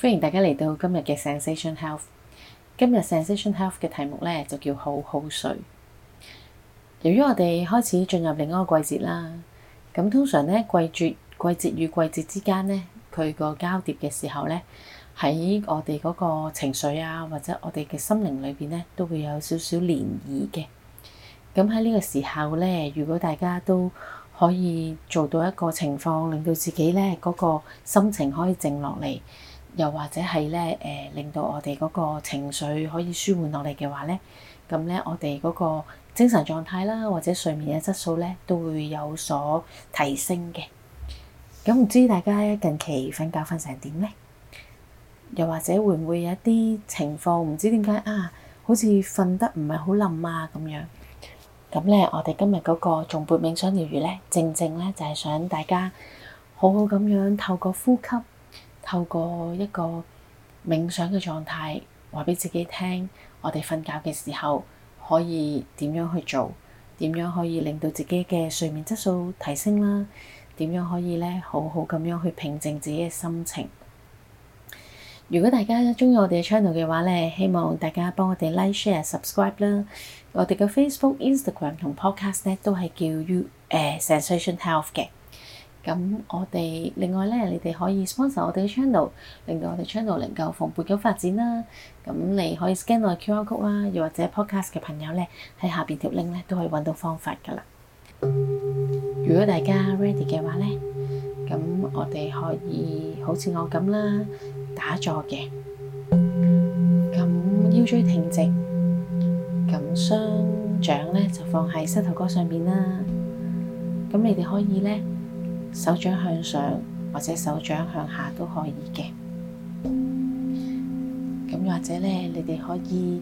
歡迎大家嚟到今日嘅 Zensation Health。今日 Zensation Health 嘅題目呢，就叫好好睡。由於我哋開始進入另一個季節啦，咁通常呢，季節季節與季節之間呢，佢個交疊嘅時候呢，喺我哋嗰個情緒啊，或者我哋嘅心靈裏邊呢，都會有少少漣漪嘅。咁喺呢個時候呢，如果大家都可以做到一個情況，令到自己呢，嗰個心情可以靜落嚟。又或者係咧，誒、呃、令到我哋嗰個情緒可以舒緩落嚟嘅話咧，咁咧我哋嗰個精神狀態啦，或者睡眠嘅質素咧，都會有所提升嘅。咁唔知大家近期瞓覺瞓成點咧？又或者會唔會有一啲情況？唔知點解啊？好似瞓得唔係好冧啊咁樣。咁咧，我哋今日嗰個頌缽冥想療癒咧，正正咧就係、是、想大家好好咁樣透過呼吸。透過一個冥想嘅狀態，話畀自己聽，我哋瞓覺嘅時候可以點樣去做？點樣可以令到自己嘅睡眠質素提升啦？點樣可以呢？好好咁樣去平靜自己嘅心情？如果大家鍾意我哋嘅 channel 嘅話呢，希望大家幫我哋 like、share、subscribe 啦。我哋嘅 Facebook、Instagram 同 Podcast 都係叫 You 誒、呃、Zensation Health 嘅。咁我哋另外呢，你哋可以 sponsor 我哋嘅 channel，令到我哋 channel 能夠蓬勃咁發展啦。咁你可以 scan 我嘅 QR code 啦，又或者 podcast 嘅朋友呢，喺下邊條 link 呢都可以揾到方法噶啦。如果大家 ready 嘅話呢，咁我哋可以好似我咁啦，打坐嘅，咁腰椎挺直，咁雙掌呢就放喺膝頭哥上面啦。咁你哋可以呢。手掌向上或者手掌向下都可以嘅，咁或者咧，你哋可以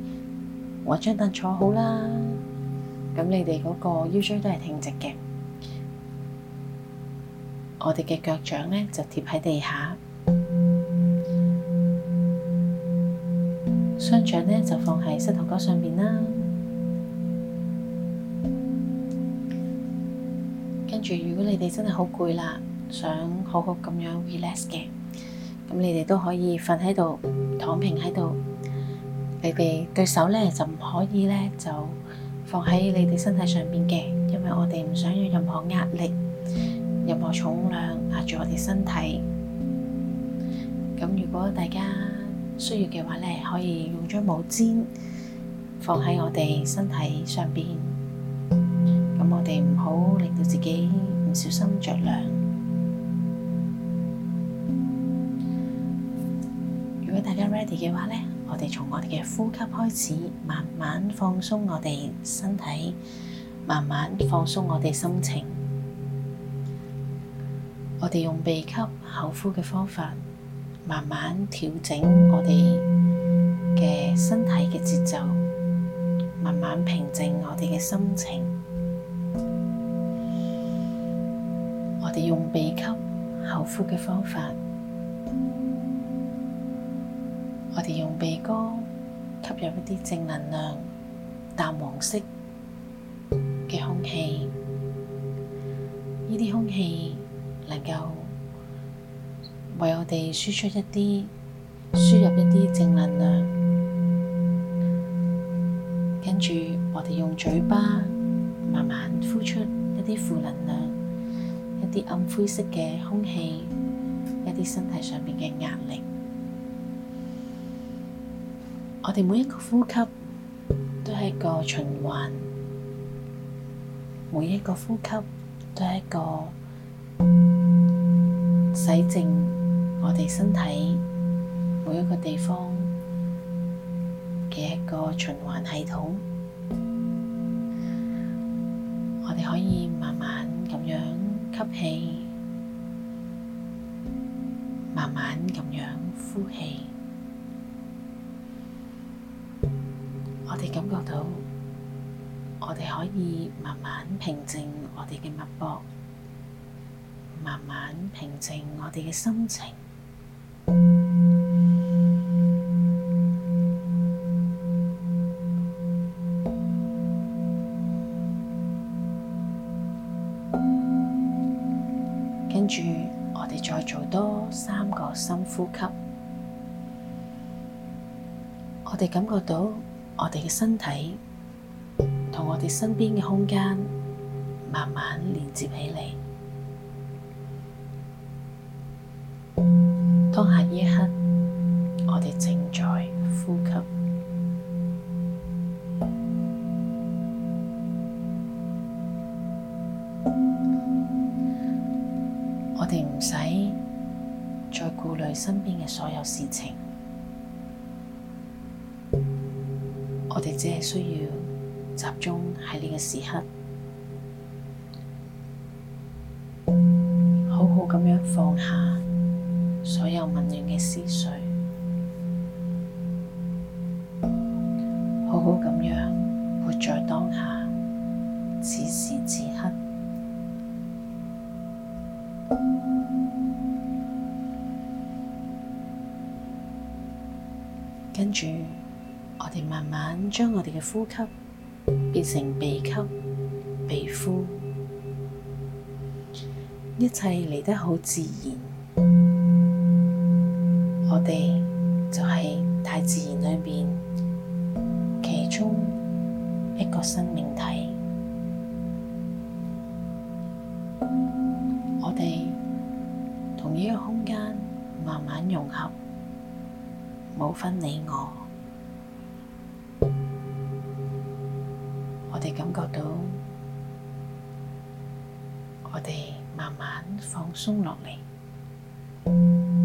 揾張凳坐好啦。咁你哋嗰個腰椎都係挺直嘅，我哋嘅腳掌咧就貼喺地下，雙掌咧就放喺膝頭哥上邊啦。如果你哋真係好攰啦，想好好咁樣 relax 嘅，咁你哋都可以瞓喺度躺平喺度。你哋對手咧就唔可以咧就放喺你哋身體上邊嘅，因為我哋唔想有任何壓力、任何重量壓住我哋身體。咁如果大家需要嘅話咧，可以用張毛巾放喺我哋身體上邊。我哋唔好令到自己唔小心着涼。如果大家 ready 嘅話咧，我哋從我哋嘅呼吸開始，慢慢放鬆我哋身體，慢慢放鬆我哋心情。我哋用鼻吸口呼嘅方法，慢慢調整我哋嘅身體嘅節奏，慢慢平靜我哋嘅心情。用鼻吸、口呼嘅方法，我哋用鼻哥吸入一啲正能量、淡黃色嘅空氣，呢啲空氣能夠為我哋輸出一啲、輸入一啲正能量，跟住我哋用嘴巴慢慢呼出一啲負能量。一啲暗灰色嘅空氣，一啲身體上面嘅壓力。我哋每一個呼吸都係一個循環，每一個呼吸都係一個洗淨我哋身體每一個地方嘅一個循環系統。慢慢咁樣呼氣，我哋感覺到，我哋可以慢慢平靜我哋嘅脈搏，慢慢平靜我哋嘅心情。深呼吸，我哋感覺到我哋嘅身體同我哋身邊嘅空間慢慢連接起嚟。當下一刻，我哋正在呼吸。身邊嘅所有事情，我哋只係需要集中喺呢個時刻，好好咁樣放下所有混亂嘅思緒。跟住，我哋慢慢將我哋嘅呼吸變成鼻吸、鼻呼，一切嚟得好自然。我哋就係大自然裏面其中一個生命體，我哋同呢個空間慢慢融合。冇分你我，我哋感覺到，我哋慢慢放鬆落嚟。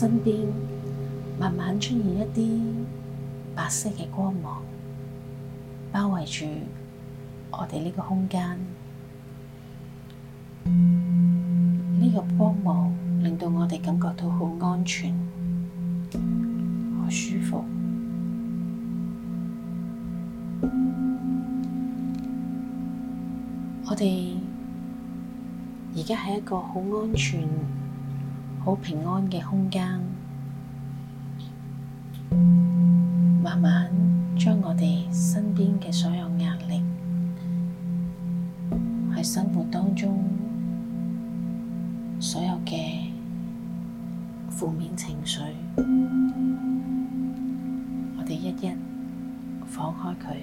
身邊慢慢出現一啲白色嘅光芒，包圍住我哋呢個空間。呢個光芒令到我哋感覺到好安全，好舒服。我哋而家係一個好安全。好平安嘅空間，慢慢將我哋身邊嘅所有壓力，喺生活當中所有嘅負面情緒，我哋一一放開佢，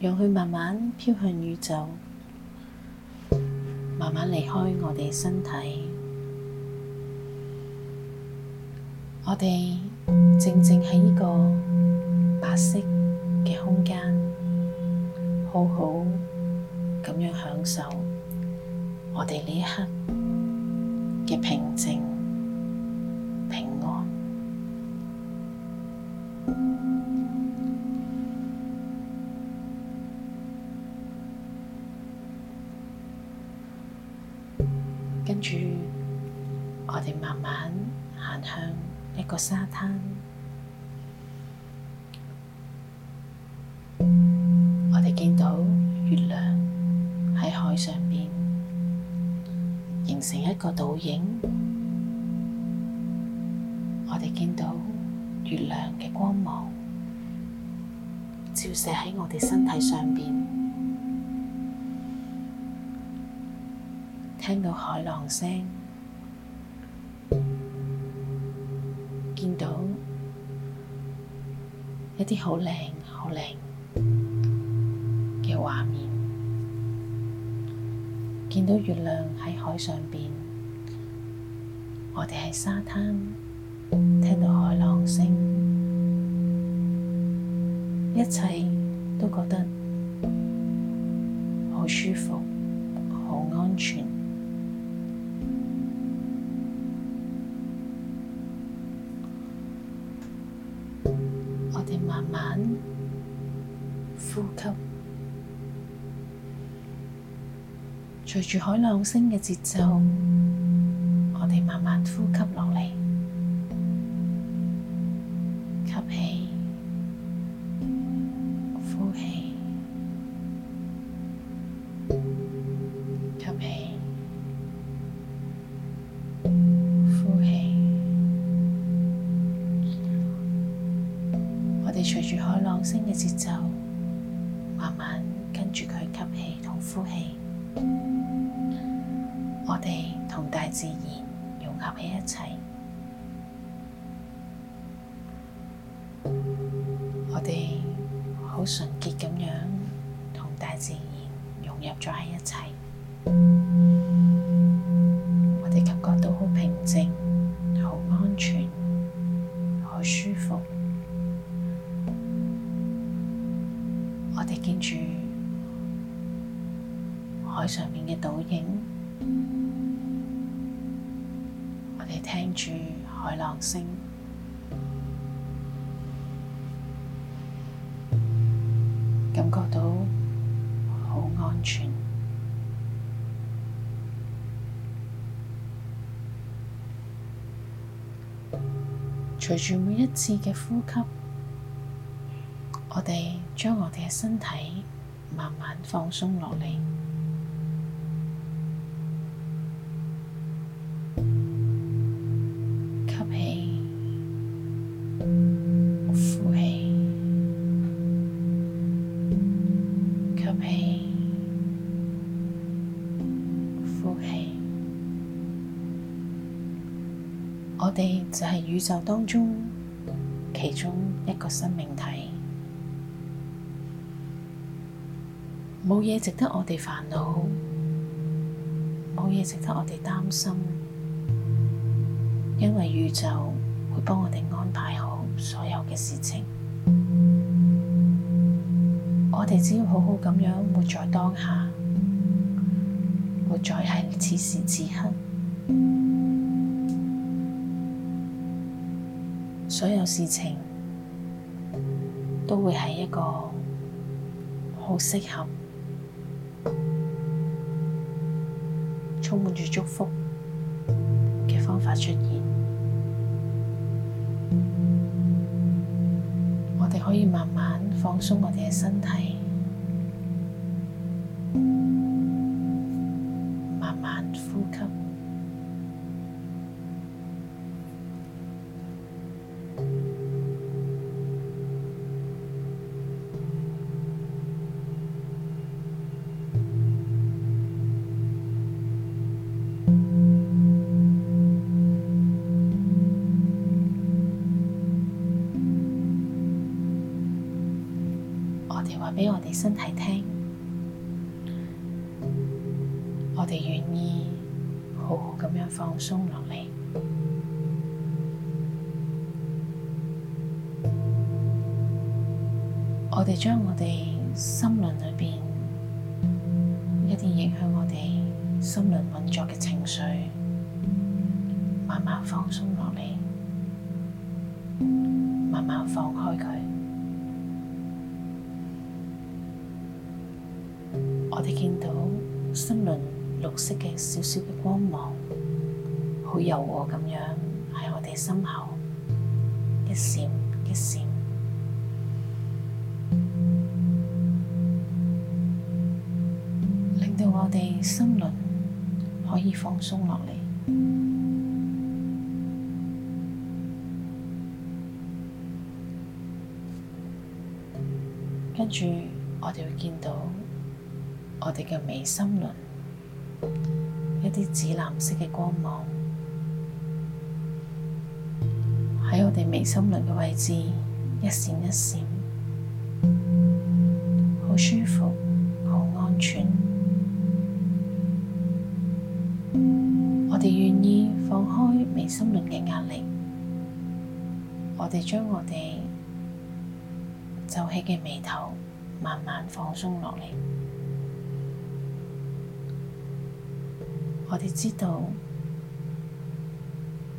讓佢慢慢飄向宇宙。慢慢離開我哋身體，我哋靜靜喺呢個白色嘅空間，好好咁樣享受我哋呢一刻嘅平靜、平安。我哋慢慢行向一個沙灘，我哋見到月亮喺海上邊，形成一個倒影。我哋見到月亮嘅光芒照射喺我哋身體上邊，聽到海浪聲。見到一啲好靚、好靚嘅畫面，見到月亮喺海上邊，我哋喺沙灘，聽到海浪聲，一切都覺得好舒服、好安全。隨住海浪聲嘅節奏，我哋慢慢呼吸落嚟。純潔咁樣，同大自然融入咗喺一齊。我哋感覺到好平靜、好安全、好舒服。我哋見住海上面嘅倒影，我哋聽住海浪聲。感覺到好安全。隨住每一次嘅呼吸，我哋將我哋嘅身體慢慢放鬆落嚟。宇宙當中其中一個生命體，冇嘢值得我哋煩惱，冇嘢值得我哋擔心，因為宇宙會幫我哋安排好所有嘅事情。我哋只要好好咁樣活在當下，活在喺此時此刻。所有事情都會係一個好適合充滿住祝福嘅方法出現。我哋可以慢慢放鬆我哋嘅身體。話畀我哋身體聽，我哋願意好好咁樣放鬆落嚟。我哋將我哋心輪裏邊一啲影響我哋心輪運作嘅情緒，慢慢放鬆落嚟，慢慢放開佢。我哋見到心輪綠色嘅小小嘅光芒，好柔和咁樣喺我哋心口一閃一閃，令到我哋心輪可以放鬆落嚟。跟住我哋會見到。我哋嘅眉心輪，一啲紫藍色嘅光芒喺我哋眉心輪嘅位置一閃一閃，好舒服，好安全。我哋願意放開眉心輪嘅壓力，我哋將我哋皺起嘅眉頭慢慢放鬆落嚟。我哋知道，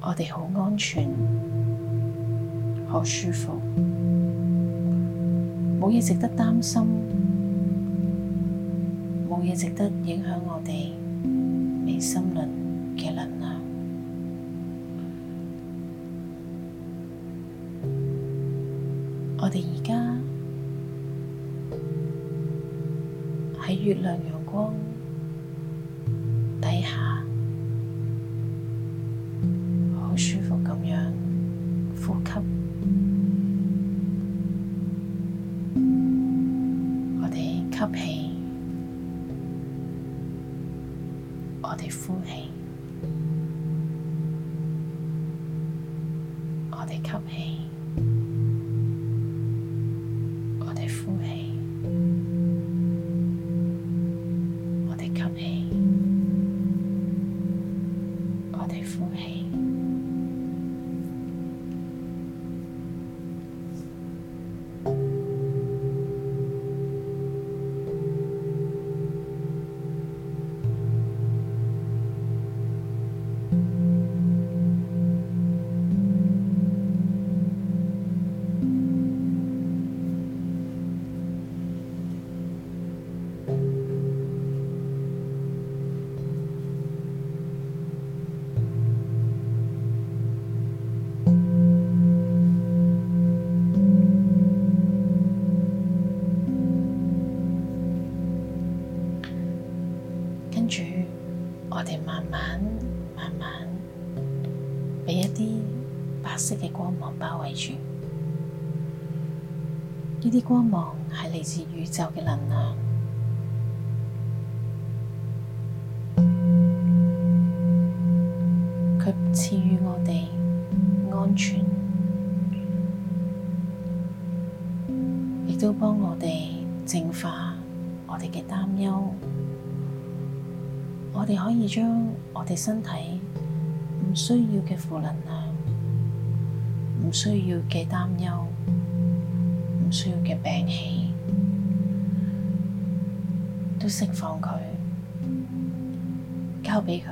我哋好安全，好舒服，冇嘢值得擔心，冇嘢值得影響我哋眉心輪嘅能量。我哋而家喺月亮陽光。底下。呢啲光芒係嚟自宇宙嘅能量，佢賜予我哋安全，亦都幫我哋淨化我哋嘅擔憂。我哋可以將我哋身體唔需要嘅負能量、唔需要嘅擔憂。唔需要嘅病氣都釋放佢，交俾佢，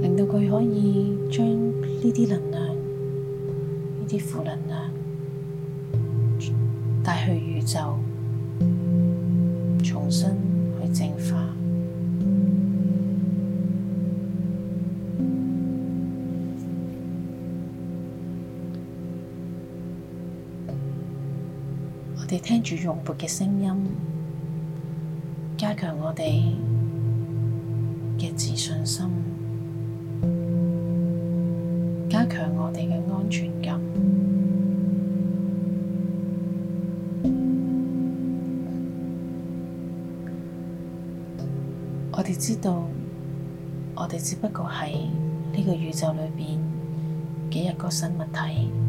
令到佢可以將呢啲能量，呢啲負能量帶去宇宙。聽住頌缽嘅聲音，加強我哋嘅自信心，加強我哋嘅安全感。我哋知道，我哋只不過係呢個宇宙裏邊嘅一個生物體。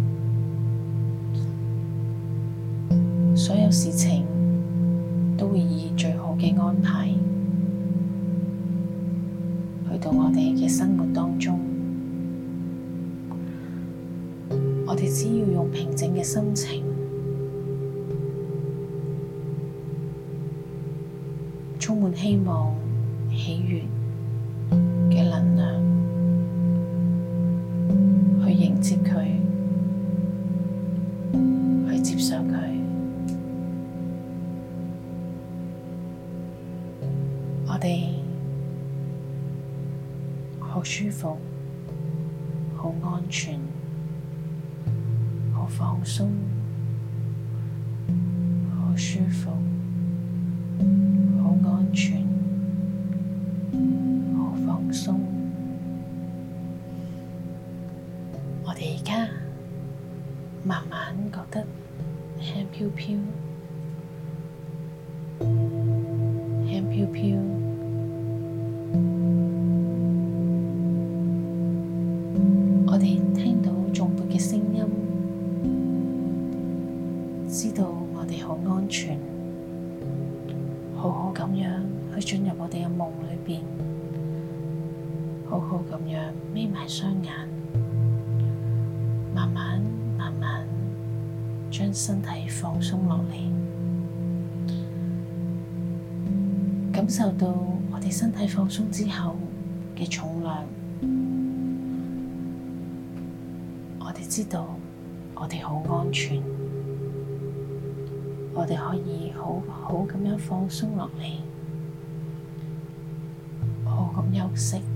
所有事情都會以最好嘅安排去到我哋嘅生活當中，我哋只要用平靜嘅心情，充滿希望、喜悅。好舒服，好安全，好放鬆。我哋而家慢慢覺得輕飄飄。雙眼慢慢慢慢將身體放鬆落嚟，感受到我哋身體放鬆之後嘅重量，我哋知道我哋好安全，我哋可以好好咁樣放鬆落嚟，好好咁休息。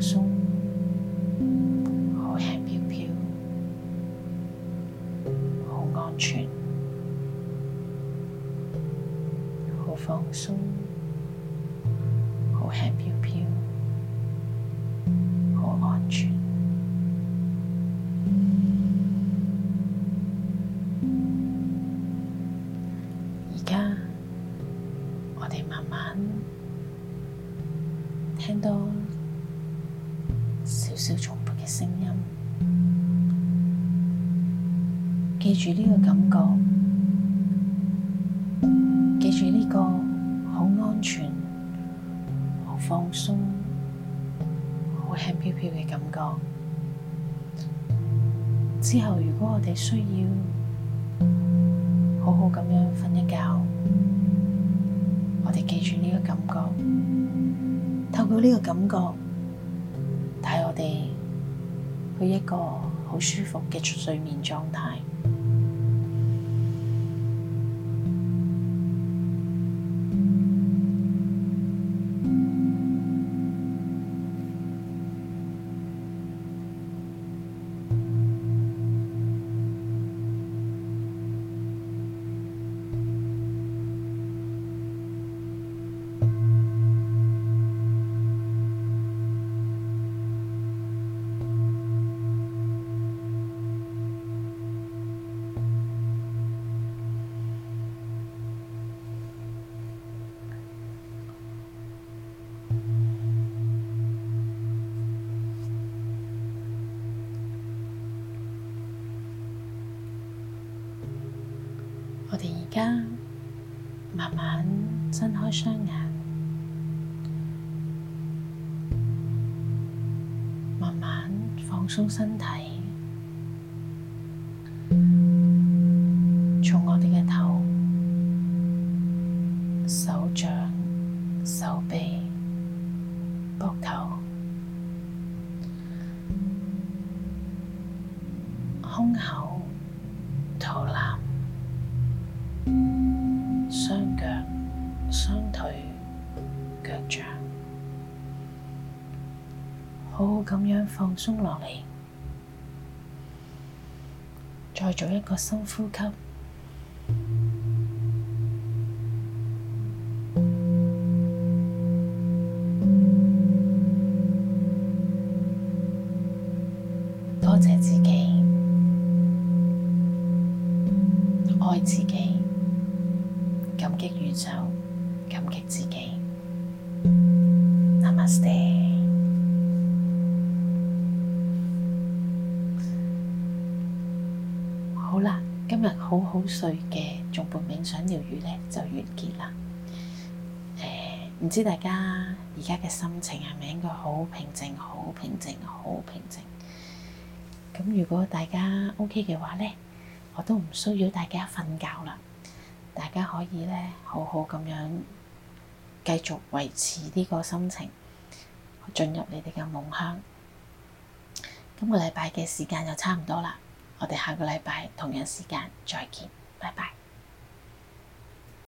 鬆，好輕飄飄，好安全，好放鬆。記住呢個感覺，記住呢個好安全好放鬆、好輕飄飄嘅感覺。之後，如果我哋需要好好咁樣瞓一覺，我哋記住呢個感覺，透過呢個感覺，帶我哋去一個好舒服嘅睡眠狀態。而家慢慢睜開雙眼，慢慢放鬆身體，從我哋嘅頭、手掌、手臂。放鬆落嚟，再做一個深呼吸。多謝自己，愛自己，感激宇宙，感激自己。Namaste。今日好好睡嘅助眠冥想療癒咧，就完結啦。誒、呃，唔知大家而家嘅心情係咪應該好平靜、好平靜、好平靜？咁如果大家 OK 嘅話咧，我都唔需要大家瞓覺啦。大家可以咧好好咁樣繼續維持呢個心情，進入你哋嘅夢鄉。今個禮拜嘅時間就差唔多啦。我哋下個禮拜同樣時間再見，拜拜。